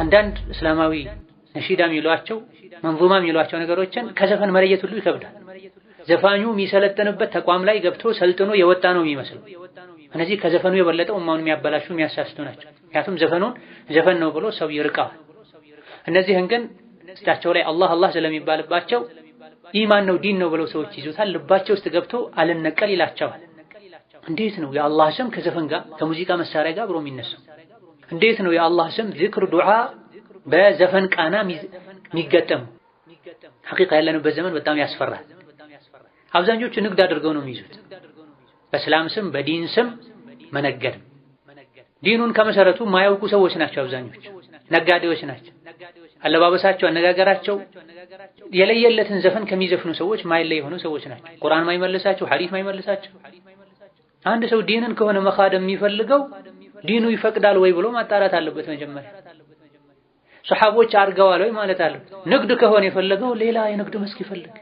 አንዳንድ እስላማዊ ነሺዳ የሚሏቸው መንዙማ የሚሏቸው ነገሮችን ከዘፈን መለየት ሁሉ ይከብዳል። ዘፋኙ የሚሰለጥንበት ተቋም ላይ ገብቶ ሰልጥኖ የወጣ ነው የሚመስለው። እነዚህ ከዘፈኑ የበለጠ ኡማውን የሚያበላሹ የሚያሳስቱ ናቸው። ምክንያቱም ዘፈኑን ዘፈን ነው ብሎ ሰው ይርቀዋል። እነዚህን ግን ስታቸው ላይ አላህ አላህ ስለሚባልባቸው ኢማን ነው ዲን ነው ብለው ሰዎች ይዙታል። ልባቸው ውስጥ ገብቶ አልነቀል ይላቸዋል። እንዴት ነው የአላህ ስም ከዘፈን ጋር ከሙዚቃ መሳሪያ ጋር አብሮ የሚነሳው? እንዴት ነው የአላህ ስም ዝክር ዱዓ በዘፈን ቃና የሚገጠሙ? ሐቂቃ ያለንበት ዘመን በጣም ያስፈራል። አብዛኞቹ ንግድ አድርገው ነው የሚይዙት። በእስላም ስም በዲን ስም መነገድ። ዲኑን ከመሰረቱ ማያውቁ ሰዎች ናቸው አብዛኞቹ፣ ነጋዴዎች ናቸው። አለባበሳቸው፣ አነጋገራቸው የለየለትን ዘፈን ከሚዘፍኑ ሰዎች ማይለይ የሆኑ ሰዎች ናቸው። ቁርአን ማይመልሳቸው፣ ሐዲስ ማይመልሳቸው። አንድ ሰው ዲንን ከሆነ መካደም የሚፈልገው ዲኑ ይፈቅዳል ወይ ብሎ ማጣራት አለበት። መጀመሪያ ሰሐቦች አድርገዋል ወይ ማለት አለበት። ንግድ ከሆነ የፈለገው ሌላ የንግድ መስክ ይፈልግ፣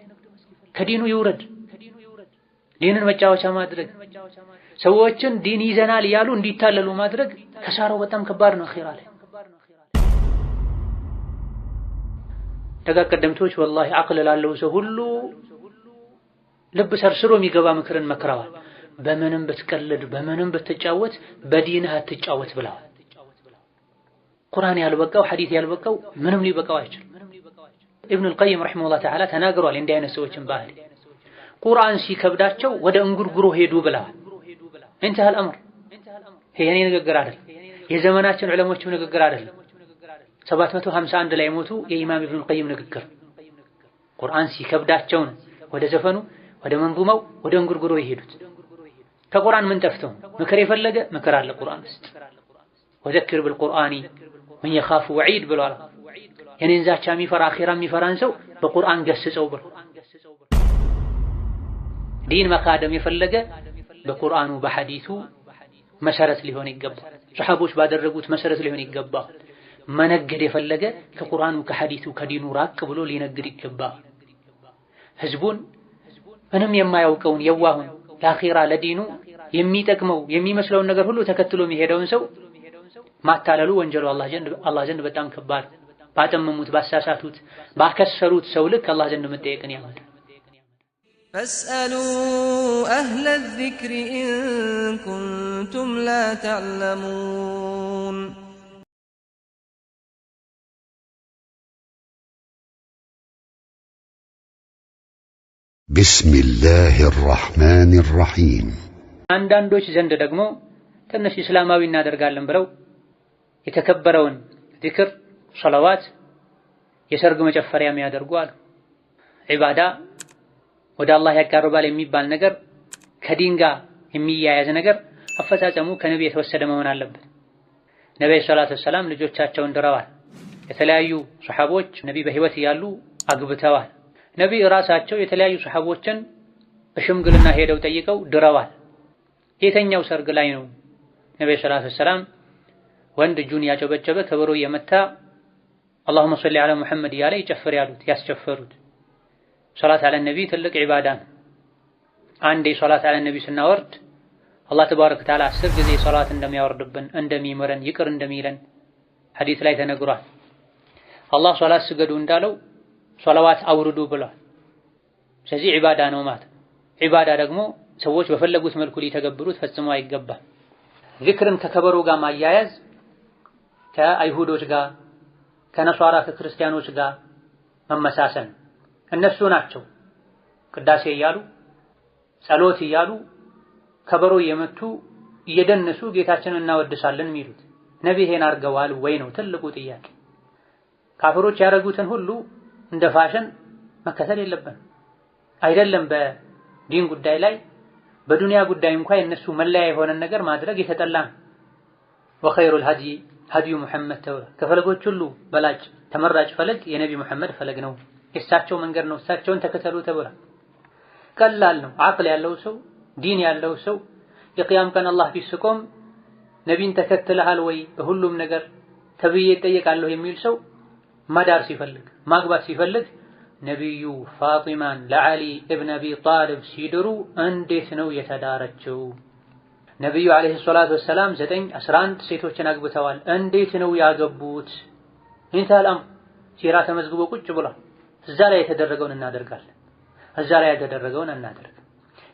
ከዲኑ ይውረድ። ዲንን መጫወቻ ማድረግ ሰዎችን ዲን ይዘናል እያሉ እንዲታለሉ ማድረግ ከሳራው በጣም ከባድ ነው። አኺራ ላይ ደጋግ ቀደምቶች ወላሂ አቅል ላለው ሰው ሁሉ ልብ ሰርስሮ የሚገባ ምክርን መክረዋል። በምንም ብትቀልድ በምንም ብትጫወት በዲንህ አትጫወት ብለዋል። ቁርአን ያልበቃው ሐዲስ ያልበቃው ምንም ሊበቃው አይችልም። ኢብኑል ቀይም ረሂመሁላህ ተዓላ ተናግሯል እንዲህ አይነት ሰዎችን ባህሪ ቁርአን ሲከብዳቸው ወደ እንጉርጉሮ ሄዱ ብለዋል። እንተሃል አምር ይሄ የኔ ንግግር አይደል፣ የዘመናችን ዑለሞችም ንግግር አይደል። 751 ላይ ሞቱ የኢማም ኢብኑል ቀይም ንግግር ቁርአን ሲከብዳቸውን ወደ ዘፈኑ ወደ መንዙማው ወደ እንጉርጉሮ የሄዱት ከቁርአን ምን ጠፍተው ምክር የፈለገ ምክር አለ ቁርአን ውስጥ ወዘክር بالقرآن من يخاف وعيد ብሏል። የኔን ዛቻ የሚፈራ አኺራ የሚፈራን ሰው በቁርአን ገስጸው ብሎ ዲን መካደም የፈለገ በቁርአኑ በሐዲሱ መሰረት ሊሆን ይገባል። ሰሐቦች ባደረጉት መሰረት ሊሆን ይገባል። መነገድ የፈለገ ከቁርአኑ ከሐዲሱ ከዲኑ ራቅ ብሎ ሊነግድ ይገባል። ህዝቡን ምንም የማያውቀውን የዋሁን ለአኺራ ለዲኑ የሚጠቅመው የሚመስለውን ነገር ሁሉ ተከትሎ የሚሄደውን ሰው ማታለሉ ወንጀሉ አላህ ዘንድ አላህ ዘንድ በጣም ከባድ፣ ባጠመሙት፣ ባሳሳቱት፣ ባከሰሩት ሰው ልክ አላህ ዘንድ መጠየቅን ያመጣ። ፈስአሉ አህለ ዚክሪ ኢን ኩንቱም ላ ተዕለሙን بسم الله الرحمن አንዳንዶች ዘንድ ደግሞ ትንሽ እስላማዊ እናደርጋለን ብለው የተከበረውን ዚክር፣ ሰለዋት የሰርግ መጨፈሪያ የሚያደርጉ አሉ። ዒባዳ ወደ አላህ ያቃርባል የሚባል ነገር ከዲን ጋር የሚያያዝ ነገር አፈጻጸሙ ከነቢ የተወሰደ መሆን አለበት። ነቢይ ሰላቱ ወሰላም ልጆቻቸውን ድረዋል። የተለያዩ ሰሓቦች ነቢ በህይወት እያሉ አግብተዋል። ነቢ ራሳቸው የተለያዩ ሰሓቦችን በሽምግልና ሄደው ጠይቀው ድረዋል። የተኛው ሰርግ ላይ ነው ነብዩ ሰለላሁ ዐለይሂ ወንድ እጁን ያጨበጨበ ከበሮ እየመታ አላሁመ ሰሊ ዐላ ሙሐመድ እያለ ይጨፍር ያሉት ያስጨፈሩት። ሶላት አለ ነቢ ትልቅ ዒባዳ ነው። አንዴ ሶላት አለ ነቢ ስናወርድ አላህ ተባረከ ወተዓላ አስር ጊዜ ሶላት እንደሚያወርድብን እንደሚምረን፣ ይቅር እንደሚለን ሐዲስ ላይ ተነግሯል። አላህ ሶላት ስገዱ እንዳለው ሶላዋት አውርዱ ብሏል። ስለዚህ ዒባዳ ነው ማለት ዒባዳ ደግሞ ሰዎች በፈለጉት መልኩ ሊተገብሩት ፈጽሞ አይገባም። ዚክርን ከከበሮ ጋር ማያያዝ ከአይሁዶች ጋር ከነሷራ ከክርስቲያኖች ጋር መመሳሰል እነሱ ናቸው ቅዳሴ እያሉ ጸሎት እያሉ ከበሮ እየመቱ እየደነሱ ጌታችንን እናወድሳለን የሚሉት ነቢይን አድርገዋል ወይ ነው ትልቁ ጥያቄ። ካፍሮች ያደረጉትን ሁሉ እንደ ፋሽን መከተል የለብን አይደለም በዲን ጉዳይ ላይ በዱንያ ጉዳይ እንኳ የእነሱ መለያ የሆነን ነገር ማድረግ የተጠላ ነው። ወኸይሩል ሀዲ ሀዲዩ ሙሐመድ ተብሏል። ከፈለጎች ሁሉ በላጭ ተመራጭ ፈለግ የነቢ ሙሐመድ ፈለግ ነው፣ የእሳቸው መንገድ ነው፣ እሳቸውን ተከተሉ ተብሏል። ቀላል ነው። አቅል ያለው ሰው ዲን ያለው ሰው የቅያም ቀን አላህ ቢስቆም ነቢን ተከትለሃል ወይ በሁሉም ነገር ተብዬ ይጠየቃለሁ የሚል ሰው መዳር ሲፈልግ ማግባት ሲፈልግ ነቢዩ ፋጢማን ለዓሊ እብን አቢ ጣልብ ሲድሩ እንዴት ነው የተዳረችው? ነቢዩ ዓለይሂ ሰላቱ ወሰላም ዘጠኝ አስራ አንድ ሴቶችን አግብተዋል። እንዴት ነው ያገቡት? ኢንታል ሲራ ተመዝግቦ ቁጭ ብሏል። እዛ ላይ የተደረገውን እናደርጋለን፣ እዛ ላይ ያልተደረገውን እናደርግ።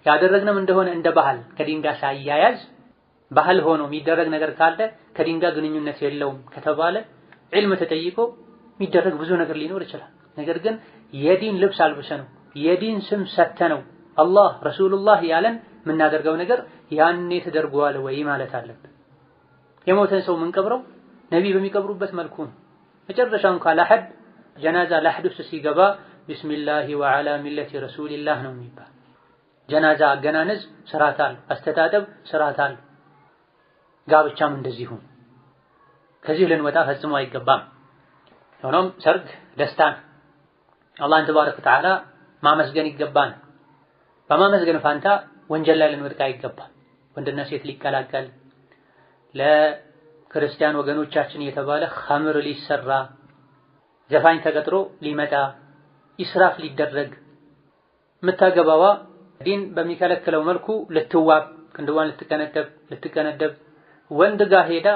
ያደረግነም እንደሆነ እንደ ባህል ከዲን ሳያያዝ ባህል ሆኖ የሚደረግ ነገር ካለ ከዲን ግንኙነት የለውም ከተባለ ዒልም ተጠይቆ የሚደረግ ብዙ ነገር ሊኖር ይችላል። ነገር ግን የዲን ልብስ አልብሰ ነው የዲን ስም ሰተ ነው አላህ ረሱሉላህ ያለን የምናደርገው ነገር ያኔ ተደርጓል ወይ ማለት አለብን። የሞተን ሰው የምንቀብረው ነቢ በሚቀብሩበት መልኩ ነው። መጨረሻ እንኳ ላሐድ ጀናዛ ላሐድ ውስጥ ሲገባ ቢስሚላሂ ወዓላ ሚለቲ ረሱሊላህ ነው የሚባል። ጀናዛ አገናነዝ ስርዓት አለው፣ አስተጣጠብ ስርዓት አለው። ጋብቻም እንደዚሁ ከዚህ ልንወጣ ፈጽሞ አይገባም። ሆኖም ሰርግ ደስታ ነው። አላህን ተባረከ ወተዓላ ማመስገን ይገባን። በማመስገን ፋንታ ወንጀል ላይ ልንወድቅ አይገባል። ወንድና ሴት ሊቀላቀል ለክርስቲያን ወገኖቻችን እየተባለ ኸምር ሊሰራ ዘፋኝ ተቀጥሮ ሊመጣ ኢስራፍ ሊደረግ የምታገባዋ ዲን በሚከለክለው መልኩ ልትዋብ ክንድዋን ልትቀነደብ ልትቀነደብ ወንድ ጋር ሄዳ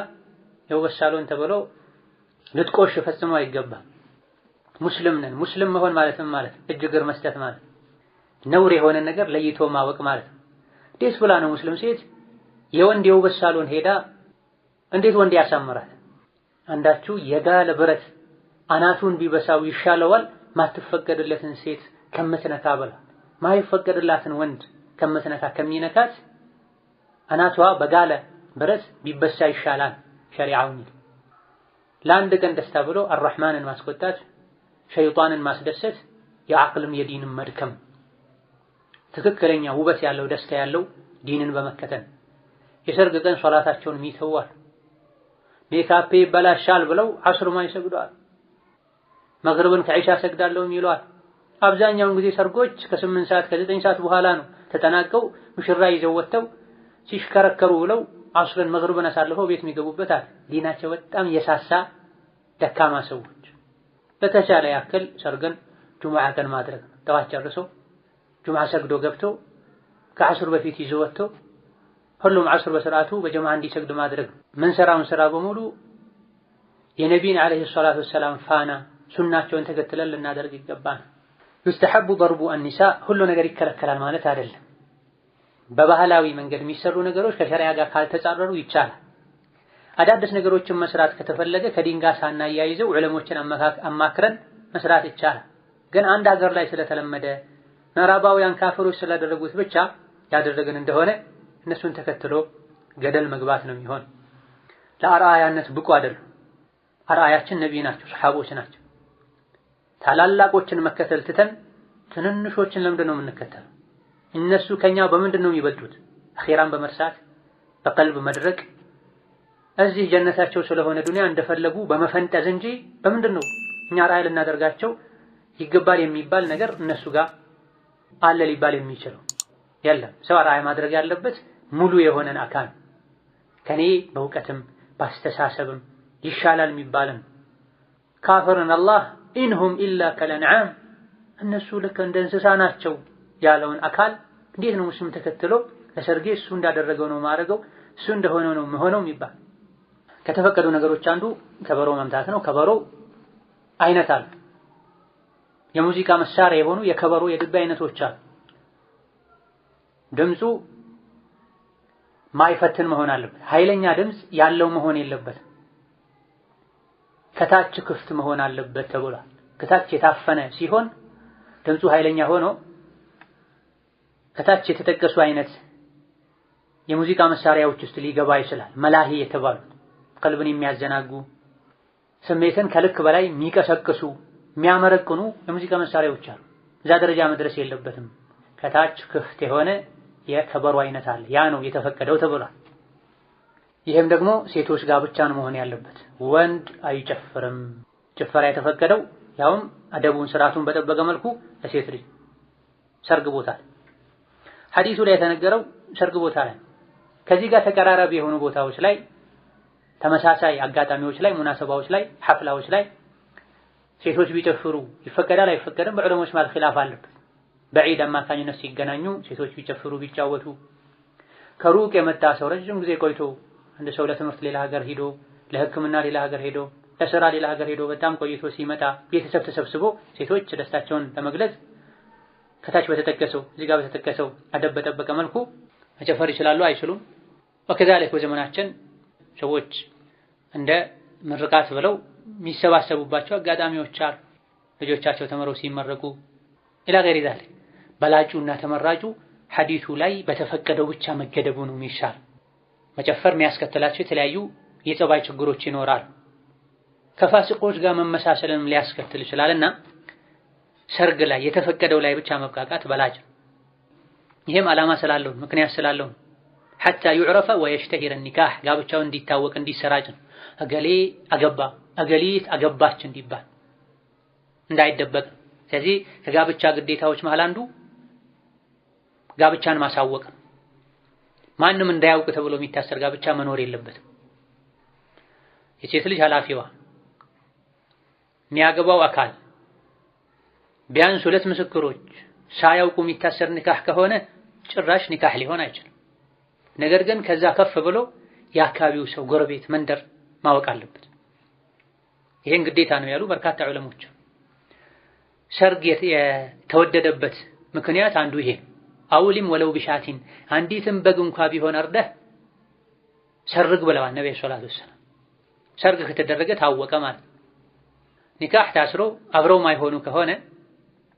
የውበት ሳሎን ተብሎ ልትቆሽ ፈጽሞ አይገባም። ሙስልም ነን። ሙስልም መሆን ማለት ምን ማለት ነው? እጅ እግር መስጠት ማለት ነውር የሆነ ነገር ለይቶ ማወቅ ማለት ነው። ደስ ብላ ነው ሙስልም ሴት የወንድ የውበት ሳሎን ሄዳ እንዴት ወንድ ያሳምራል? አንዳችሁ የጋለ ብረት አናቱን ቢበሳው ይሻለዋል ማትፈቀድለትን ሴት ከምትነካ ብላ ማይፈቀድላትን ወንድ ከምትነካ ከሚነካት አናቷ በጋለ ብረት ቢበሳ ይሻላል ሸሪዓውን ለአንድ ቀን ደስታ ብሎ አራህማንን ማስቆጣት ሸይጣንን ማስደሰት የአቅልም የዲንም መድከም። ትክክለኛ ውበት ያለው ደስታ ያለው ዲንን በመከተል የሰርግ ቀን ሶላታቸውን ይተዋል። ሜካፔ ይበላሻል ብለው አስርማ ይሰግደዋል። መግሪብን ከዒሻ ሰግዳለሁም ይለዋል። አብዛኛውን ጊዜ ሰርጎች ከስምንት ሰዓት ከዘጠኝ ሰዓት በኋላ ነው ተጠናቀው ሙሽራ ይዘው ወጥተው ሲሽከረከሩ ብለው አስርን መግሪብን አሳልፈው ቤት የሚገቡበት አለ። ዲናቸው በጣም የሳሳ ደካማ ሰው በተቻለ ያክል ሰርገን ጁሙዓ ቀን ማድረግ ነው። ጠዋት ጨርሶ ጁሙዓ ሰግዶ ገብቶ ከአስር በፊት ይዞ ወጥቶ ሁሉም አስር በስርዓቱ በጀማዓ እንዲሰግድ ማድረግ ነው። ምንሰራውን ስራ በሙሉ የነቢን ዓለይሂ ሰላቱ ወሰላም ፋና ሱናቸውን ተከትለን ልናደርግ ይገባል። ዩስተሐቡ ደርቡ አኒሳ ሁሉ ነገር ይከለከላል ማለት አይደለም። በባህላዊ መንገድ የሚሰሩ ነገሮች ከሸሪያ ጋር ካልተጻረሩ ይቻላል። አዳዲስ ነገሮችን መስራት ከተፈለገ ከዲንጋ ሳናያይዘው ዕለሞችን አማክረን መስራት ይቻላል። ግን አንድ ሀገር ላይ ስለተለመደ ምዕራባውያን ካፈሮች ስላደረጉት ብቻ ያደረግን እንደሆነ እነሱን ተከትሎ ገደል መግባት ነው የሚሆን። ለአርአያነት ብቁ አይደሉም። አርአያችን ነቢይ ናቸው፣ ሰሓቦች ናቸው። ታላላቆችን መከተል ትተን ትንንሾችን ለምንድን ነው የምንከተለው? እነሱ ከኛ በምንድን ነው የሚበልጡት? አኼራን በመርሳት በቀልብ መድረቅ እዚህ ጀነታቸው ስለሆነ ዱንያ እንደፈለጉ በመፈንጠዝ እንጂ በምንድን ነው እኛ ራዕይ ልናደርጋቸው ይገባል የሚባል ነገር እነሱ ጋር አለ ሊባል የሚችለው የለም። ሰው ራዕይ ማድረግ ያለበት ሙሉ የሆነን አካል ከኔ በእውቀትም ባስተሳሰብም ይሻላል የሚባልን ካፍርን አላህ ኢንሁም ኢላ ከለንዓም እነሱ ልክ እንደ እንስሳ ናቸው ያለውን አካል እንዴት ነው ሙስሊም ተከትሎ ለሰርጌ እሱ እንዳደረገው ነው ማድረገው እሱ እንደሆነው ነው መሆነው የሚባል ከተፈቀዱ ነገሮች አንዱ ከበሮ መምታት ነው። ከበሮ አይነት አለ። የሙዚቃ መሳሪያ የሆኑ የከበሮ የድብ አይነቶች አሉ። ድምፁ ማይፈትን መሆን አለበት። ኃይለኛ ድምፅ ያለው መሆን የለበትም። ከታች ክፍት መሆን አለበት ተብሏል። ከታች የታፈነ ሲሆን ድምፁ ኃይለኛ ሆኖ ከታች የተጠቀሱ አይነት የሙዚቃ መሳሪያዎች ውስጥ ሊገባ ይችላል። መላሂ የተባሉት ቀልብን የሚያዘናጉ ስሜትን ከልክ በላይ የሚቀሰቅሱ የሚያመረቅኑ የሙዚቃ መሳሪያዎች አሉ። እዛ ደረጃ መድረስ የለበትም። ከታች ክፍት የሆነ የከበሮ አይነት አለ። ያ ነው የተፈቀደው ተብሏል። ይህም ደግሞ ሴቶች ጋር ብቻ ነው መሆን ያለበት። ወንድ አይጨፍርም። ጭፈራ የተፈቀደው ያውም አደቡን ስርዓቱን በጠበቀ መልኩ ለሴት ልጅ ሰርግ ቦታ ሐዲሱ ላይ የተነገረው ሰርግ ቦታ ላይ ከዚህ ጋር ተቀራራቢ የሆኑ ቦታዎች ላይ ተመሳሳይ አጋጣሚዎች ላይ ሙናሰባዎች ላይ ሐፍላዎች ላይ ሴቶች ቢጨፍሩ ይፈቀዳል አይፈቀድም? በዕለሞች ማለት ኪላፍ አለበት። በዒድ አማካኝነት ሲገናኙ ሴቶች ቢጨፍሩ ቢጫወቱ፣ ከሩቅ የመጣ ሰው ረጅም ጊዜ ቆይቶ አንድ ሰው ለትምህርት ሌላ ሀገር ሄዶ ለሕክምና ሌላ ሀገር ሄዶ ለስራ ሌላ ሀገር ሄዶ በጣም ቆይቶ ሲመጣ ቤተሰብ ተሰብስቦ ሴቶች ደስታቸውን ለመግለጽ ከታች በተጠቀሰው እዚህ ጋር በተጠቀሰው አደብ በጠበቀ መልኩ መጨፈር ይችላሉ አይችሉም? ወከዛሊክ በዘመናችን ሰዎች እንደ ምርቃት ብለው የሚሰባሰቡባቸው አጋጣሚዎች አሉ። ልጆቻቸው ተምረው ሲመረቁ ኢላ ገይሪ ዛሊክ እና ተመራጩ ሐዲቱ ላይ በተፈቀደው ብቻ መገደቡ ነው የሚሻል። መጨፈር የሚያስከትላቸው የተለያዩ የጸባይ ችግሮች ይኖራሉ። ከፋሲቆች ጋር መመሳሰልንም ሊያስከትል ይችላልና ሰርግ ላይ የተፈቀደው ላይ ብቻ መብቃቃት በላጭ ይህም ዓላማ ስላለው ምክንያት ስላለው ሐታ ዩዕረፈ ወየሽተሂረ ኒካህ ጋብቻው እንዲታወቅ እንዲሰራጭ ነው። እገሌ አገባ እገሊት አገባች እንዲባል እንዳይደበቅ። ስለዚህ ከጋብቻ ግዴታዎች መሃል አንዱ ጋብቻን ማሳወቅ፣ ማንም እንዳያውቅ ተብሎ የሚታሰር ጋብቻ መኖር የለበትም። የሴት ልጅ ኃላፊዋ የሚያገባው አካል ቢያንስ ሁለት ምስክሮች ሳያውቁ የሚታሰር ኒካህ ከሆነ ጭራሽ ኒካህ ሊሆን አይችልም። ነገር ግን ከዛ ከፍ ብሎ የአካባቢው ሰው ጎረቤት፣ መንደር ማወቅ አለበት። ይሄን ግዴታ ነው ያሉ በርካታ ዑለሞች። ሰርግ የተወደደበት ምክንያት አንዱ ይሄ አውሊም ወለው ቢሻቲን አንዲትም በግ እንኳ ቢሆን አርደህ ሰርግ ብለዋል ነብዩ ሰለላሁ ዐለይሂ ሰርግ ከተደረገ ታወቀ ማለት ኒካህ ታስሮ አብረው ማይሆኑ ከሆነ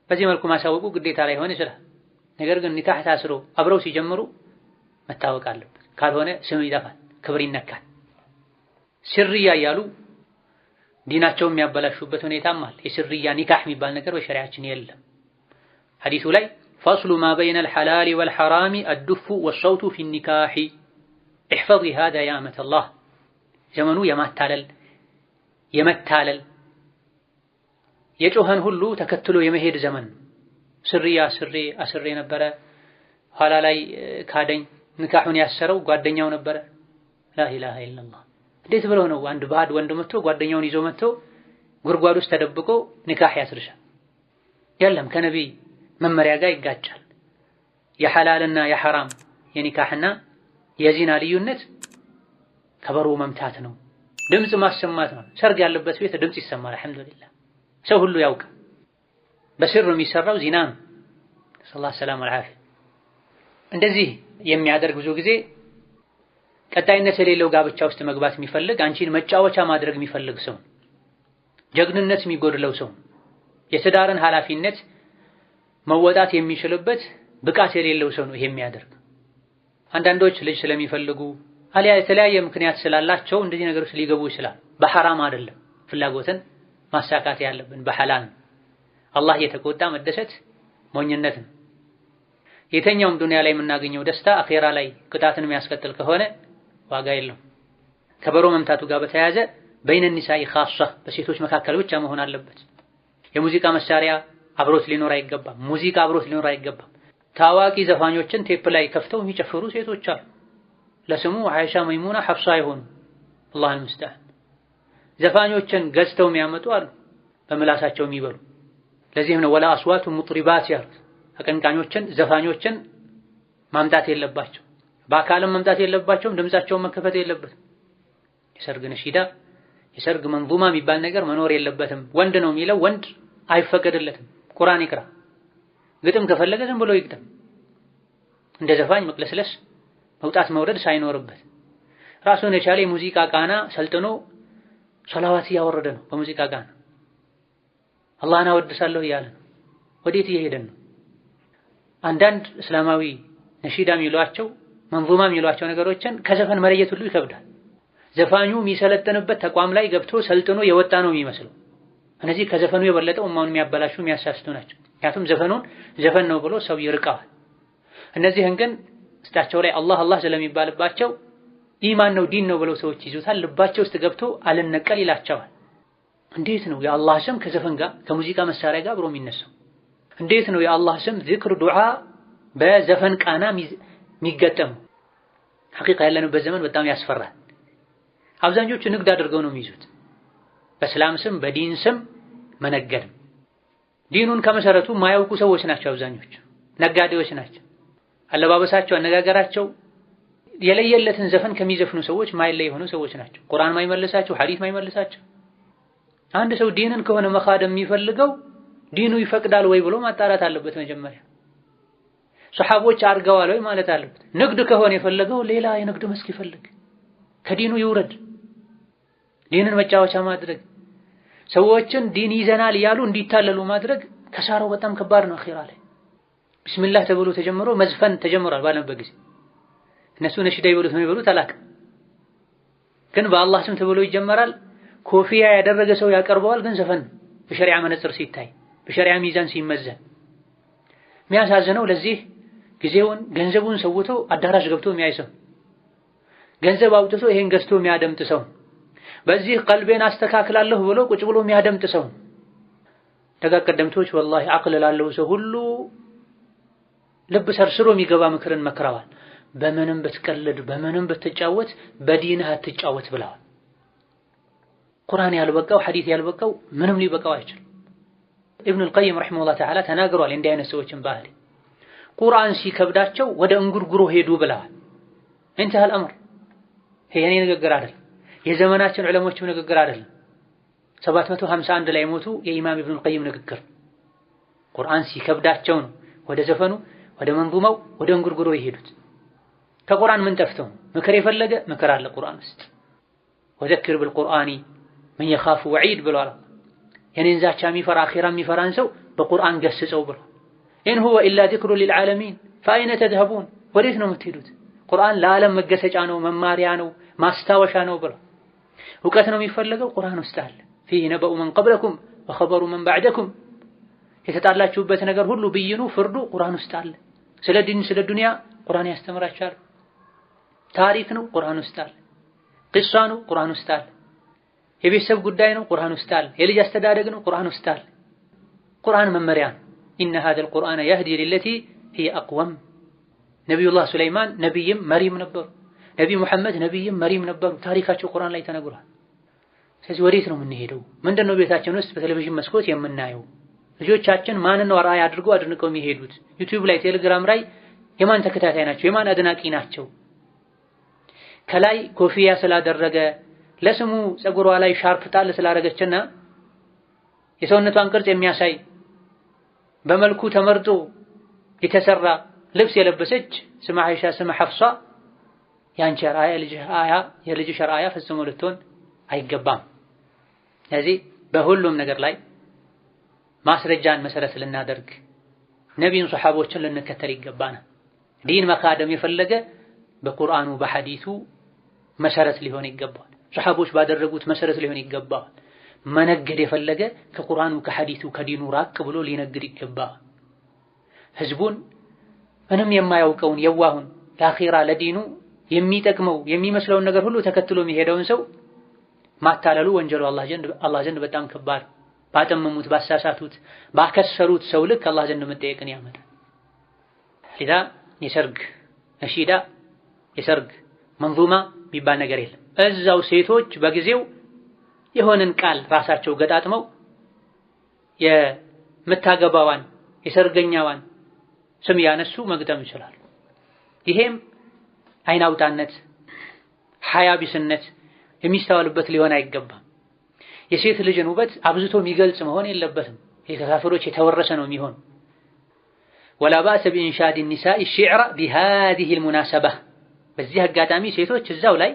በዚህ መልኩ ማሳወቁ ግዴታ ላይ ሆነ ይችላል። ነገር ግን ኒካህ ታስሮ አብረው ሲጀምሩ መታወቅ አለበት። ካልሆነ ስም ይጠፋል፣ ክብር ይነካል። ስርያ እያሉ ዲናቸውን የሚያበላሹበት ሁኔታም አለ። የስርያ ኒካህ የሚባል ነገር በሸሪያችን የለም። ሐዲሱ ላይ ፈስሉ ማ በይነ አልሐላሊ ወልሐራሚ አዱፉ ወሰውቱ ፊ ኒካሂ እሕፈዚ ሃዛ ያ አመተላህ። ዘመኑ የማታለል የመታለል የጮኸን ሁሉ ተከትሎ የመሄድ ዘመን ነው። ስርያ አስሬ አስሬ ነበረ፣ ኋላ ላይ ካደኝ። ንካሑን ያሰረው ጓደኛው ነበረ። ላ ኢላሃ ኢለላህ እንዴት ብለው ነው አንድ ባዕድ ወንድ መጥቶ ጓደኛውን ይዞ መጥቶ ጉድጓድ ውስጥ ተደብቆ ኒካህ ያስርሻል? የለም ከነቢይ መመሪያ ጋር ይጋጫል። የሐላልና የሐራም የኒካህና የዚና ልዩነት ከበሮ መምታት ነው፣ ድምፅ ማሰማት ነው። ሰርግ ያለበት ቤት ድምፅ ይሰማል። አልሐምዱሊላህ ሰው ሁሉ ያውቅ። በስር የሚሰራው ዚና ነው። ዐለይሂ ወሰለም እንደዚህ የሚያደርግ ብዙ ጊዜ ቀጣይነት የሌለው ጋብቻ ውስጥ መግባት የሚፈልግ አንቺን መጫወቻ ማድረግ የሚፈልግ ሰው፣ ጀግንነት የሚጎድለው ሰው፣ የትዳርን ኃላፊነት መወጣት የሚችልበት ብቃት የሌለው ሰው ነው ይሄ የሚያደርግ። አንዳንዶች ልጅ ስለሚፈልጉ አሊያ የተለያየ ምክንያት ስላላቸው እንደዚህ ነገሮች ሊገቡ ይችላል። በሐራም አይደለም። ፍላጎትን ማሳካት ያለብን በሐላል አላህ የተቆጣ መደሰት ሞኝነት ነው። የተኛውም ዱንያ ላይ የምናገኘው ደስታ አኼራ ላይ ቅጣትን የሚያስቀጥል ከሆነ ዋጋ የለው። ከበሮ መምታቱ ጋር በተያያዘ በይነ ኒሳኢ ኻሷ በሴቶች መካከል ብቻ መሆን አለበት። የሙዚቃ መሳሪያ አብሮት ሊኖር አይገባም። ሙዚቃ አብሮት ሊኖር አይገባም። ታዋቂ ዘፋኞችን ቴፕ ላይ ከፍተው የሚጨፍሩ ሴቶች አሉ። ለስሙ አይሻ፣ መይሙና፣ ሐፍሷ አይሆኑ። አላህ አልሙስተዓን። ዘፋኞችን ገዝተው የሚያመጡ አሉ፣ በምላሳቸው የሚበሉ። ለዚህም ነው ወላ አስዋቱ ሙጥሪባት ያሉት። አቀንቃኞችን ዘፋኞችን ማምጣት የለባቸው በአካልም መምጣት የለባቸውም። ድምጻቸውን መከፈት የለበትም። የሰርግ ነሺዳ የሰርግ መንዙማ የሚባል ነገር መኖር የለበትም። ወንድ ነው የሚለው ወንድ አይፈቀድለትም። ቁርአን ይቅራ፣ ግጥም ከፈለገ ዝም ብሎ ይግጥም። እንደ ዘፋኝ መቅለስለስ፣ መውጣት መውረድ ሳይኖርበት ራሱን የቻለ የሙዚቃ ቃና ሰልጥኖ ሰላዋት እያወረደ ነው። በሙዚቃ ቃና አላህን አወድሳለሁ እያለ ነው። ወዴት እየሄደን ነው? አንዳንድ እስላማዊ ነሺዳ የሚሏቸው መንዙማ የሚሏቸው ነገሮችን ከዘፈን መለየት ሁሉ ይከብዳል። ዘፋኙ የሚሰለጥንበት ተቋም ላይ ገብቶ ሰልጥኖ የወጣ ነው የሚመስለው። እነዚህ ከዘፈኑ የበለጠ ኡማውን የሚያበላሹ የሚያሳስቱ ናቸው። ምክንያቱም ዘፈኑን ዘፈን ነው ብሎ ሰው ይርቀዋል። እነዚህን ግን ውስጣቸው ላይ አላህ አላህ ስለሚባልባቸው ኢማን ነው ዲን ነው ብለው ሰዎች ይዙታል። ልባቸው ውስጥ ገብቶ አልነቀል ይላቸዋል። እንዴት ነው የአላህ ስም ከዘፈን ጋር ከሙዚቃ መሳሪያ ጋር አብሮ የሚነሳው? እንዴት ነው የአላህ ስም ዝክር ዱዓ በዘፈን ቃና የሚገጠሙ ሐቂቃ ያለንበት ዘመን በጣም ያስፈራል። አብዛኞቹ ንግድ አድርገው ነው የሚይዙት። በእስላም ስም በዲን ስም መነገድም ዲኑን ከመሰረቱ ማያውቁ ሰዎች ናቸው። አብዛኞቹ ነጋዴዎች ናቸው። አለባበሳቸው፣ አነጋገራቸው የለየለትን ዘፈን ከሚዘፍኑ ሰዎች ማይለይ የሆኑ ሰዎች ናቸው። ቁርአን ማይመልሳቸው፣ ሐዲስ ማይመልሳቸው። አንድ ሰው ዲንን ከሆነ መካደም የሚፈልገው ዲኑ ይፈቅዳል ወይ ብሎ ማጣራት አለበት መጀመሪያ ሰሓቦች አድርገዋል ወይ ማለት አለበት። ንግድ ከሆነ የፈለገው ሌላ የንግድ መስክ ይፈልግ፣ ከዲኑ ይውረድ። ዲንን መጫወቻ ማድረግ ሰዎችን ዲን ይዘናል እያሉ እንዲታለሉ ማድረግ ከሳራው በጣም ከባድ ነው። አኺራ ላይ ቢስሚላህ ተብሎ ተጀምሮ መዝፈን ተጀምሯል ባለበት ጊዜ እነሱ ነሽዳ ይበሉት ነው ይበሉት አላውቅም፣ ግን በአላህ ስም ተብሎ ይጀመራል። ኮፊያ ያደረገ ሰው ያቀርበዋል፣ ግን ዘፈን በሸሪያ መነጽር ሲታይ በሸሪያ ሚዛን ሲመዘን የሚያሳዝነው ለዚህ ጊዜውን ገንዘቡን ሰውቶ አዳራሽ ገብቶ የሚያይ ሰው፣ ገንዘብ አውጥቶ ይሄን ገዝቶ የሚያደምጥ ሰው፣ በዚህ ቀልቤን አስተካክላለሁ ብሎ ቁጭ ብሎ የሚያደምጥ ሰው። ደጋ ቀደምቶች ወላሂ አቅል ላለው ሰው ሁሉ ልብ ሰርስሮ የሚገባ ምክርን መክረዋል። በምንም ብትቀልድ፣ በምንም ብትጫወት በዲንህ አትጫወት ብለዋል። ቁርአን ያልበቃው ሐዲት ያልበቃው ምንም ሊበቃው አይችልም። ኢብኑል ቀይም ረሒመሁላህ ተዓላ ተናግሯል። እንዲህ አይነት ሰዎችን ባህሪ ቁርአን ሲከብዳቸው ወደ እንጉርጉሮ ሄዱ ብለዋል። እንተህ አልአምር ይሄ የኔ ንግግር አይደለም፣ የዘመናችን ዕለሞችም ንግግር አይደለም። 751 ላይ ሞቱ የኢማም ኢብኑል ቀይም ንግግር ቁርአን ሲከብዳቸው ነው ወደ ዘፈኑ፣ ወደ መንዙማው፣ ወደ እንጉርጉሮ የሄዱት። ከቁርአን ምን ጠፍተው ምክር የፈለገ ምክር አለ ቁርአን ውስጥ። ወዘክር ብልቁርአኒ ምን የኻፉ ወዒድ ብሏል። የኔን ዛቻ የሚፈራ አኼራ የሚፈራን ሰው በቁርአን ገስጸው ብሏል። ኢን ሁወ ኢላ ዚክሩ ሊልዓለሚን ፈአይነ ተዝሀቡን ወዴት ነው የምትሄዱት? ቁርአን ለዓለም መገሰጫ ነው፣ መማሪያ ነው፣ ማስታወሻ ነው ብሎ እውቀት ነው የሚፈለገው ቁርአን ውስጥ አለ። ፊህ ነበኡ መን ቀብለኩም ወኸበሩ መን ባዕደኩም የተጣላችሁበት ነገር ሁሉ ብይኑ፣ ፍርዱ ቁርአን ውስጥ አለ። ስለ ዲን ስለ ዱንያ ቁርአን ያስተምራችኋል። ታሪክ ነው፣ ቁርአን ውስጥ አለ። ቂሷ ነው፣ ቁርአን ውስጥ አለ። የቤተሰብ ጉዳይ ነው፣ ቁርአን ውስጥ አለ። የልጅ አስተዳደግ ነው፣ ቁርአን ውስጥ አለ። ቁርአን መመሪያ ነው። ኢነ ሀዘል ቁርአነ የህዲ ሊለቲ ሂየ አቅወም። ነቢዩላህ ሱለይማን ነቢይም መሪም ነበሩ። ነቢ ሙሐመድ ነቢይም መሪም ነበሩ። ታሪካቸው ቁርአን ላይ ተነግሯል። ስለዚህ ወዴት ነው የምንሄደው? ምንድን ነው ቤታችን ውስጥ በቴሌቪዥን መስኮት የምናየው? ልጆቻችን ማንን ነው ራዕይ አድርገው አድንቀው የሚሄዱት? ዩቲዩብ ላይ ቴሌግራም ላይ የማን ተከታታይ ናቸው? የማን አድናቂ ናቸው? ከላይ ኮፍያ ስላደረገ ለስሙ ፀጉሯ ላይ ሻርፕ ጣል ስላደረገችና የሰውነቷን ቅርጽ የሚያሳይ በመልኩ ተመርጦ የተሰራ ልብስ የለበሰች ስመ አይሻ ስመ ሐፍሷ ያንቺ ራያ ልጅሽ አያ የልጅሽ ራያ ፈጽሞ ልትሆን አይገባም። ስለዚህ በሁሉም ነገር ላይ ማስረጃን መሰረት ልናደርግ ነቢዩን ሰሓቦችን ልንከተል ይገባናል። ዲን መካደም የፈለገ በቁርአኑ በሐዲቱ መሰረት ሊሆን ይገባዋል። ሰሓቦች ባደረጉት መሰረት ሊሆን ይገባዋል። መነገድ የፈለገ ከቁርአኑ ከሐዲቱ ከዲኑ ራቅ ብሎ ሊነግድ ይገባ። ህዝቡን ምንም የማያውቀውን የዋሁን ለአኺራ ለዲኑ የሚጠቅመው የሚመስለውን ነገር ሁሉ ተከትሎ የሚሄደውን ሰው ማታለሉ ወንጀሉ አላህ ዘንድ በጣም ከባድ፣ ባጠመሙት፣ ባሳሳቱት፣ ባከሰሩት ሰው ልክ አላህ ዘንድ መጠየቅን ያመጣል። ሊዛ የሰርግ ነሺዳ የሰርግ መንዙማ የሚባል ነገር የለም። እዛው ሴቶች በጊዜው የሆነን ቃል ራሳቸው ገጣጥመው የምታገባዋን የሰርገኛዋን ስም ያነሱ መግጠም ይችላሉ። ይሄም አይናውጣነት፣ ሐያቢስነት የሚስተዋልበት ሊሆን አይገባም። የሴት ልጅን ውበት አብዝቶ የሚገልጽ መሆን የለበትም። ከካፍሮች የተወረሰ ነው የሚሆን። ወላ ባእሰ ቢኢንሻድ ኒሳኢ ሺዕራ ቢሃዚሂል ሙናሰባ። በዚህ አጋጣሚ ሴቶች እዛው ላይ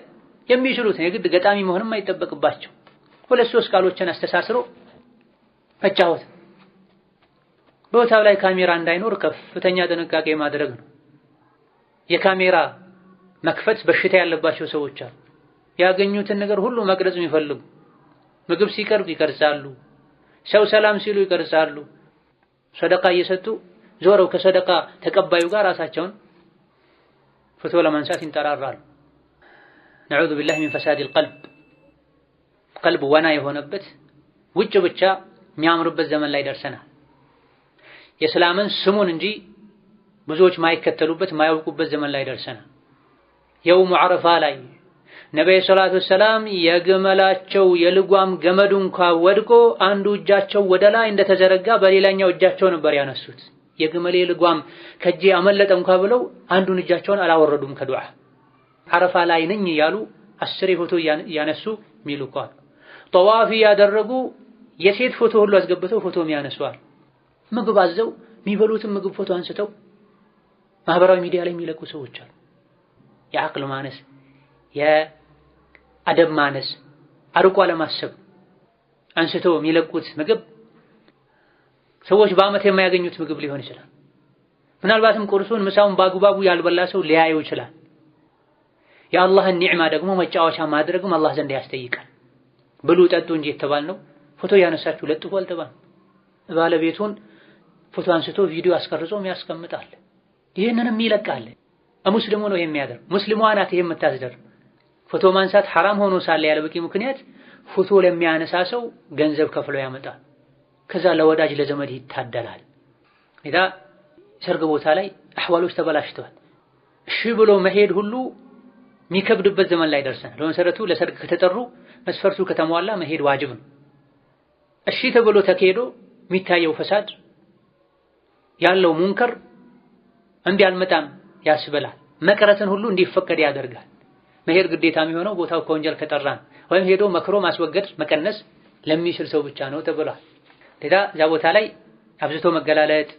የሚችሉትን የግድ ገጣሚ መሆንም አይጠበቅባቸው ሁለት ሶስት ቃሎችን አስተሳስሮ መጫወት። ቦታው ላይ ካሜራ እንዳይኖር ከፍተኛ ጥንቃቄ ማድረግ ነው። የካሜራ መክፈት በሽታ ያለባቸው ሰዎች አሉ። ያገኙትን ነገር ሁሉ መቅረጽ የሚፈልጉ ምግብ ሲቀርብ ይቀርጻሉ፣ ሰው ሰላም ሲሉ ይቀርጻሉ። ሰደቃ እየሰጡ ዞረው ከሰደቃ ተቀባዩ ጋር ራሳቸውን ፎቶ ለማንሳት ይንጠራራሉ። ነዑዙ ቢላህ ሚን ፈሳዲል ቀልብ ቀልብ ወና የሆነበት ውጭ ብቻ የሚያምርበት ዘመን ላይ ደርሰናል። የእስላምን ስሙን እንጂ ብዙዎች ማይከተሉበት ማያውቁበት ዘመን ላይ ደርሰናል። የውሙ ዓረፋ ላይ ነቢዩ ሰላቱ ወሰላም የግመላቸው የልጓም ገመዱ እንኳ ወድቆ አንዱ እጃቸው ወደ ላይ እንደተዘረጋ በሌላኛው እጃቸው ነበር ያነሱት። የግመሌ ልጓም ከእጄ አመለጠ እንኳ ብለው አንዱን እጃቸውን አላወረዱም ከዱዓ። ዓረፋ ላይ ነኝ እያሉ አስር ፎቶ እያነሱ ሚሉ ጠዋፊ ያደረጉ የሴት ፎቶ ሁሉ አስገብተው ፎቶ ያነሷል። ምግብ አዘው የሚበሉትን ምግብ ፎቶ አንስተው ማህበራዊ ሚዲያ ላይ የሚለቁ ሰዎች አሉ። የአቅል ማነስ፣ የአደብ ማነስ፣ አርቆ አለማሰብ አንስተው የሚለቁት ምግብ ሰዎች በአመት የማያገኙት ምግብ ሊሆን ይችላል። ምናልባትም ቁርሱን፣ ምሳውን በአግባቡ ያልበላ ሰው ሊያየው ይችላል። የአላህን ኒዕማ ደግሞ መጫወቻ ማድረግም አላህ ዘንድ ያስጠይቃል። ብሉ ጠጡ እንጂ ነው ፎቶ ያነሳችሁ ለጥፎ አልተባል። ባለቤቱን ፎቶ አንስቶ ቪዲዮ አስቀርጾም ያስቀምጣል። ይህንንም ይለቃል። ሙስሊሙ ነው የሚያደርግ ሙስሊሟ ናት ይሄ የምታስደርግ ፎቶ ማንሳት ሐራም ሆኖ ሳለ ያለ በቂ ምክንያት ፎቶ ለሚያነሳ ሰው ገንዘብ ከፍሎ ያመጣል። ከዛ ለወዳጅ ለዘመድ ይታደላል። ሰርግ ቦታ ላይ አህዋሎች ተበላሽተዋል። እሺ ብሎ መሄድ ሁሉ የሚከብድበት ዘመን ላይ ደርሰን በመሰረቱ ለሰርግ ከተጠሩ መስፈርቱ ከተሟላ መሄድ ዋጅብ ነው። እሺ ተብሎ ተካሄዶ የሚታየው ፈሳድ ያለው ሙንከር እምቢ አልመጣም ያስበላል። መቅረትን ሁሉ እንዲፈቀድ ያደርጋል። መሄድ ግዴታ የሚሆነው ቦታው ከወንጀል ከጠራ ወይም ሄዶ መክሮ ማስወገድ መቀነስ ለሚችል ሰው ብቻ ነው ተብሏል። ሌላ እዛ ቦታ ላይ አብዝቶ መገላለጥ፣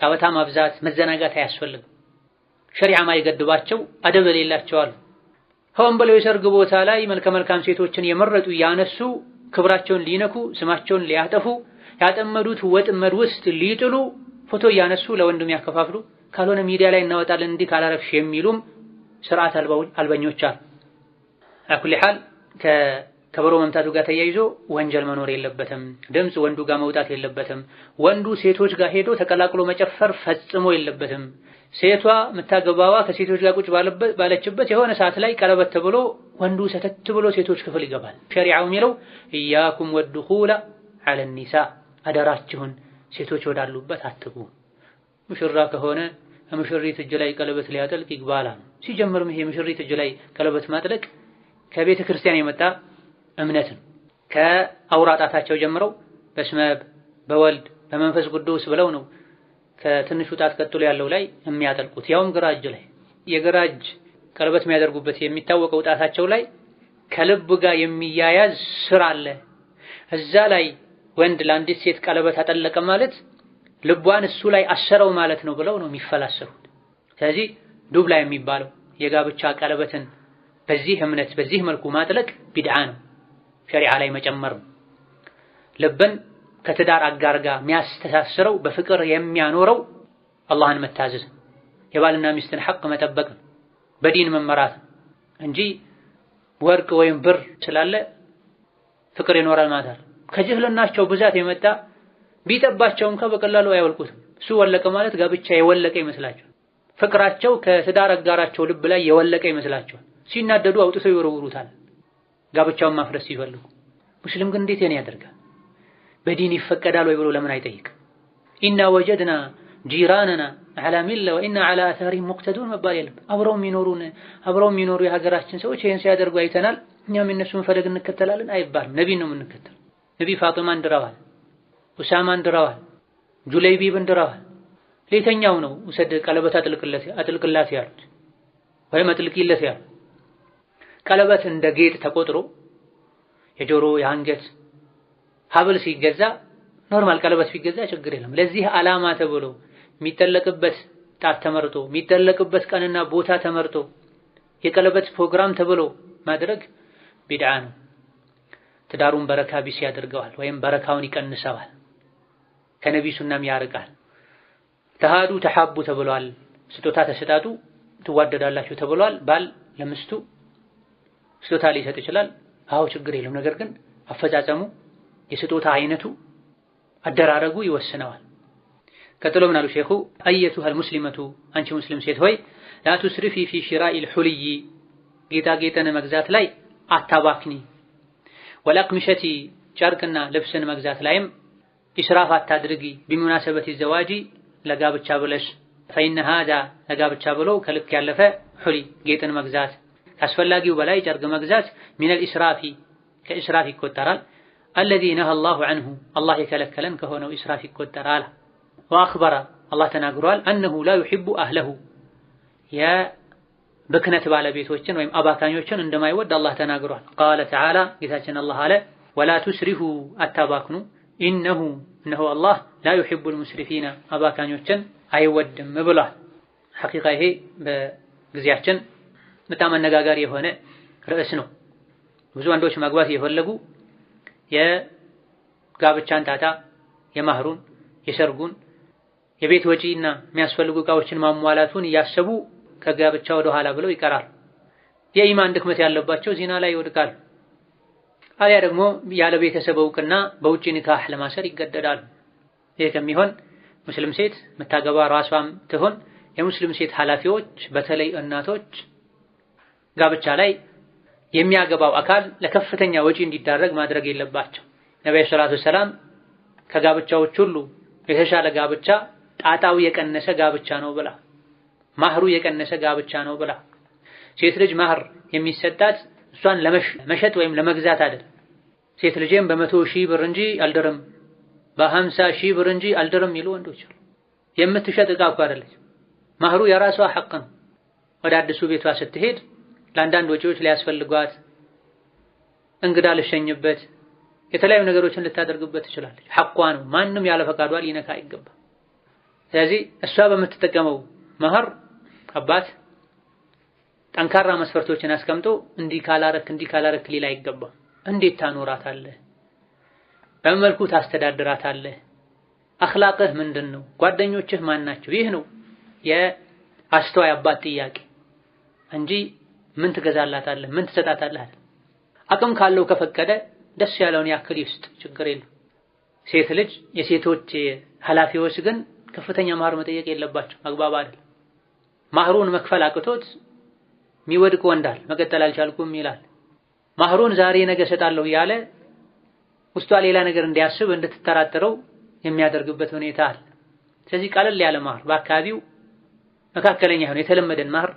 ጫወታ ማብዛት፣ መዘናጋት አያስፈልግም። ሸሪዓ ማይገድባቸው አደብ የሌላቸው አሉ። ሆን ብለው የሰርግ ቦታ ላይ መልከ መልካም ሴቶችን የመረጡ ያነሱ ክብራቸውን ሊነኩ ስማቸውን ሊያጠፉ ያጠመዱት ወጥመድ ውስጥ ሊጥሉ ፎቶ እያነሱ ለወንድም ያከፋፍሉ ካልሆነ ሚዲያ ላይ እናወጣለን እንዲህ ካላረፍሽ የሚሉም ስርዓት አልበኞች አሉ አኩል ሐል ከበሮ መምታቱ ጋር ተያይዞ ወንጀል መኖር የለበትም። ድምፅ ወንዱ ጋር መውጣት የለበትም። ወንዱ ሴቶች ጋር ሄዶ ተቀላቅሎ መጨፈር ፈጽሞ የለበትም። ሴቷ የምታገባዋ ከሴቶች ጋር ቁጭ ባለችበት የሆነ ሰዓት ላይ ቀለበት ተብሎ ወንዱ ሰተት ብሎ ሴቶች ክፍል ይገባል። ሸሪዓው የሚለው ኢያኩም ወድኹላ ዐለ ኒሳ፣ አደራችሁን ሴቶች ወዳሉበት አትጉ። ሙሽራ ከሆነ ሙሽሪት እጅ ላይ ቀለበት ሊያጠልቅ ይግባላል። ሲጀምርም ይሄ ሙሽሪት እጅ ላይ ቀለበት ማጥለቅ ከቤተ ክርስቲያን የመጣ እምነትን ከአውራጣታቸው ጀምረው በስመብ በወልድ በመንፈስ ቅዱስ ብለው ነው ከትንሹ ጣት ቀጥሎ ያለው ላይ የሚያጠልቁት ያውም ግራ እጅ ላይ የግራ እጅ ቀለበት የሚያደርጉበት የሚታወቀው ጣታቸው ላይ ከልብ ጋር የሚያያዝ ስር አለ። እዛ ላይ ወንድ ለአንዲት ሴት ቀለበት አጠለቀ ማለት ልቧን እሱ ላይ አሰረው ማለት ነው ብለው ነው የሚፈላሰፉት። ስለዚህ ዱብላ የሚባለው የጋብቻ ቀለበትን በዚህ እምነት በዚህ መልኩ ማጥለቅ ቢድዓ ነው። ሸሪዓ ላይ መጨመር ነው። ልብን ከትዳር አጋር ጋር የሚያስተሳስረው በፍቅር የሚያኖረው አላህን መታዘዝ የባልና ሚስትን ሐቅ መጠበቅ በዲን መመራት እንጂ ወርቅ ወይም ብር ስላለ ፍቅር ይኖራል ማለት አይደል። ከጅህልናቸው ብዛት የመጣ ቢጠባቸውም ከበቀላሉ በቀላሉ አያወልቁትም። እሱ ወለቀ ማለት ጋብቻ የወለቀ ይመስላቸዋል። ፍቅራቸው ከትዳር አጋራቸው ልብ ላይ የወለቀ ይመስላቸዋል። ሲናደዱ አውጥተው ይወረውሩታል። ጋብቻውን ማፍረስ ሲፈልጉ። ሙስሊም ግን እንዴት የኔ ያደርጋል? በዲን ይፈቀዳል ወይ ብሎ ለምን አይጠይቅም? ኢና ወጀድና ጂራንና አላ ሚላ ወኢና አላ አታሪም ሙቅተዱን መባል የለም። አብረው የሚኖሩን አብረው የሚኖሩ የሀገራችን ሰዎች ይህን ሲያደርጉ አይተናል፣ እኛም የነሱን ፈለግ እንከተላለን አይባልም። ነቢን ነው የምንከተል። ነቢ ፋጢማን ድረዋል፣ ኡሳማን ድረዋል፣ ጁለይቢብን ድረዋል። ሌተኛው ነው ውሰድ ቀለበት አጥልቅለት ያሉት ወይም አጥልቂለት ያሉት ቀለበት እንደ ጌጥ ተቆጥሮ የጆሮ የአንገት ሀብል ሲገዛ ኖርማል ቀለበት ቢገዛ ችግር የለም። ለዚህ ዓላማ ተብሎ የሚጠለቅበት ጣት ተመርጦ የሚጠለቅበት ቀንና ቦታ ተመርጦ የቀለበት ፕሮግራም ተብሎ ማድረግ ቢድዓ ነው። ትዳሩን በረካ ቢስ ያደርገዋል ወይም በረካውን ይቀንሰዋል፣ ከነቢይ ሱናም ያርቃል። ተሃዱ ተሓቡ ተብሏል። ስጦታ ተሰጣጡ ትዋደዳላችሁ ተብሏል። ባል ለምስቱ ስጦታ ሊሰጥ ይችላል። አዎ ችግር የለም። ነገር ግን አፈጻጸሙ የስጦታ አይነቱ አደራረጉ ይወስነዋል። ቀጥሎ ምን አሉ ሼኹ አየቱሃል ሙስሊመቱ አንቺ ሙስሊም ሴት ሆይ ላቱስሪፊ ፊ ሽራኢል ሑልይ ጌጣጌጥን መግዛት ላይ አታባክኒ፣ ወላቅምሸቲ ጨርቅና ልብስን መግዛት ላይም ኢስራፍ አታድርጊ። ቢሙናሰበት ዘዋጂ ለጋብቻ ብለሽ ፈኢነ ሃዛ ለጋብቻ ብሎ ከልክ ያለፈ ሑሊ ጌጥን መግዛት كاسفلاجي وبلاي جرق مجزات من الإسرافي كإسرافي كترال الذي نهى الله عنه الله يكلك لن كهون إسرافي كترال وأخبر الله تناقرال أنه لا يحب أهله يا بكنة على بيت وشن ويم أبا كان يوشن عندما يود الله تناقرال قال تعالى إذا الله على ولا تسرفوا التباكنو إنه إنه الله لا يحب المسرفين أبا كان يوشن أي ود مبلا حقيقة هي إيه؟ بزياشن በጣም አነጋጋሪ የሆነ ርዕስ ነው። ብዙ ወንዶች ማግባት እየፈለጉ የጋብቻን ጣጣ፣ የማህሩን፣ የሰርጉን፣ የቤት ወጪና የሚያስፈልጉ እቃዎችን ማሟላቱን እያሰቡ ከጋብቻ ወደ ኋላ ብለው ይቀራል። የኢማን ድክመት ያለባቸው ዜና ላይ ይወድቃሉ። አሊያ ደግሞ ያለ ቤተሰብ እውቅና በውጪ ኒካህ ለማሰር ይገደዳሉ። ይህ ከሚሆን ሙስሊም ሴት የምታገባ ራሷም ትሆን የሙስሊም ሴት ኃላፊዎች በተለይ እናቶች ጋብቻ ላይ የሚያገባው አካል ለከፍተኛ ወጪ እንዲዳረግ ማድረግ የለባቸው። ነቢዩ ሰላቱ ሰላም ከጋብቻዎች ሁሉ የተሻለ ጋብቻ ጣጣው የቀነሰ ጋብቻ ነው ብላ ማህሩ የቀነሰ ጋብቻ ነው ብላ። ሴት ልጅ ማህር የሚሰጣት እሷን ለመሸጥ ወይም ለመግዛት አይደል። ሴት ልጄም በመቶ ሺህ ብር እንጂ አልድርም፣ በሀምሳ ሺህ ብር እንጂ አልድርም ይሉ ወንዶች አሉ። የምትሸጥ ዕቃ እኮ አይደለች። ማህሩ የራሷ ሐቅ ነው። ወደ አዲሱ ቤቷ ስትሄድ ለአንዳንድ ወጪዎች ሊያስፈልጓት፣ እንግዳ ልሸኝበት፣ የተለያዩ ነገሮችን ልታደርግበት ትችላለች። ሐቋ ነው። ማንም ያለ ፈቃዷ ሊነካ አይገባ። ስለዚህ እሷ በምትጠቀመው መህር አባት ጠንካራ መስፈርቶችን አስቀምጦ እንዲህ ካላረክ እንዲህ ካላረክ ሊል አይገባም። እንዴት ታኖራታለህ? በምን መልኩ ታስተዳድራታለህ? አኽላቅህ ምንድን ነው? ጓደኞችህ ማን ናቸው? ይህ ነው የአስተዋይ አባት ጥያቄ እንጂ ምን ትገዛላታለህ? ምን ትሰጣታለህ? አቅም ካለው ከፈቀደ ደስ ያለውን ያክል ይስጥ፣ ችግር የለም። ሴት ልጅ የሴቶች ኃላፊዎች ግን ከፍተኛ ማህር መጠየቅ የለባቸው። አግባብ አይደል። ማህሩን መክፈል አቅቶት የሚወድቅ ወንዳል መቀጠል አልቻልኩም ይላል። ማህሩን ዛሬ ነገ እሰጣለሁ እያለ ውስጧ ሌላ ነገር እንዲያስብ እንድትጠራጥረው የሚያደርግበት ሁኔታ አለ። ስለዚህ ቀለል ያለ ማህር በአካባቢው መካከለኛ የሆነ የተለመደን ማህር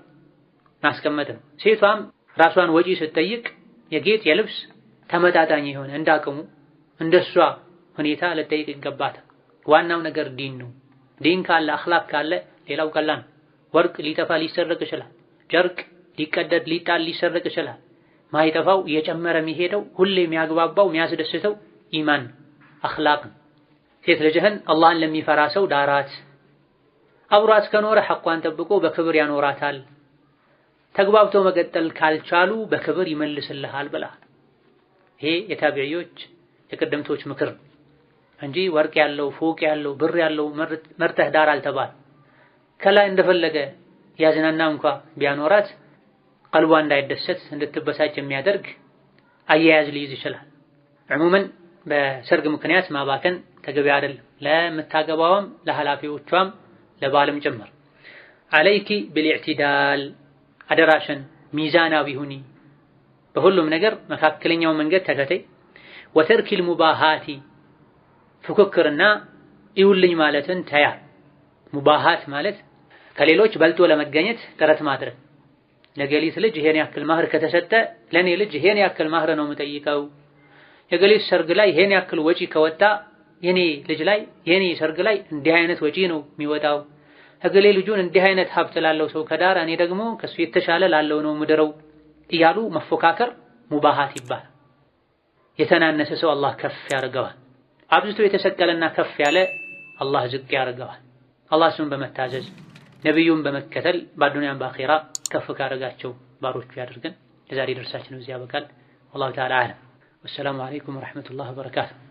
ማስቀመጥ ነው። ሴቷም ራሷን ወጪ ስትጠይቅ የጌጥ የልብስ ተመጣጣኝ የሆነ እንዳቅሙ እንደሷ ሁኔታ ልጠይቅ ይገባት ዋናው ነገር ዲን ነው። ዲን ካለ አኽላቅ ካለ ሌላው ቀላል። ወርቅ ሊጠፋ ሊሰረቅ ይችላል። ጨርቅ ሊቀደድ ሊጣል ሊሰረቅ ይችላል። ማይጠፋው እየጨመረ የሚሄደው ሁሌ የሚያግባባው የሚያስደስተው ኢማን አኽላቅ። ሴት ልጅህን አላህን ለሚፈራ ሰው ዳራት። አብሯት ከኖረ ሐቋን ጠብቆ በክብር ያኖራታል። ተግባብቶ መቀጠል ካልቻሉ በክብር ይመልስልሃል ብለሃል። ይሄ የታቢዕዮች የቀደምቶች ምክር እንጂ ወርቅ ያለው ፎቅ ያለው ብር ያለው መርተህ ዳር አልተባል። ከላይ እንደፈለገ ያዝናና እንኳ ቢያኖራት ቀልቧ እንዳይደሰት እንድትበሳጭ የሚያደርግ አያያዝ ሊይዝ ይችላል። ዕሙምን በሰርግ ምክንያት ማባከን ተገቢ አይደለም፣ ለምታገባዋም፣ ለኃላፊዎቿም፣ ለባልም ጭምር። አለይኪ ቢልኢዕቲዳል አደራሽን ሚዛናዊ ሁኒ፣ በሁሉም ነገር መካከለኛው መንገድ ተከተይ። ወተርኪል ሙባሃቲ ፉክክርና ይውልኝ ማለትን ተያ። ሙባሃት ማለት ከሌሎች በልጦ ለመገኘት ጥረት ማድረግ። ለገሊት ልጅ ይሄን ያክል ማህር ከተሰጠ ለእኔ ልጅ ይሄን ያክል ማህር ነው የምጠይቀው። የገሊት ሰርግ ላይ ይሄን ያክል ወጪ ከወጣ የኔ ልጅ ላይ የኔ ሰርግ ላይ እንዲህ አይነት ወጪ ነው የሚወጣው እገሌ ልጁን እንዲህ አይነት ሀብት ላለው ሰው ከዳር እኔ ደግሞ ከሱ የተሻለ ላለው ነው ምድረው እያሉ መፎካከር ሙባሃት ይባላል። የተናነሰ ሰው አላህ ከፍ ያደርገዋል። አብዝቶ የተሰቀለና ከፍ ያለ አላህ ዝቅ ያደርገዋል። አላህ እሱን በመታዘዝ ነቢዩን በመከተል በአዱንያም በአኼራ ከፍ ካደረጋቸው ባሮቹ ያደርገን። የዛሬ ደርሳችን እዚህ ያበቃል። ወላሁ ተዓላ አዕለም። ወሰላሙ አለይኩም ወረሕመቱላህ ወበረካቱ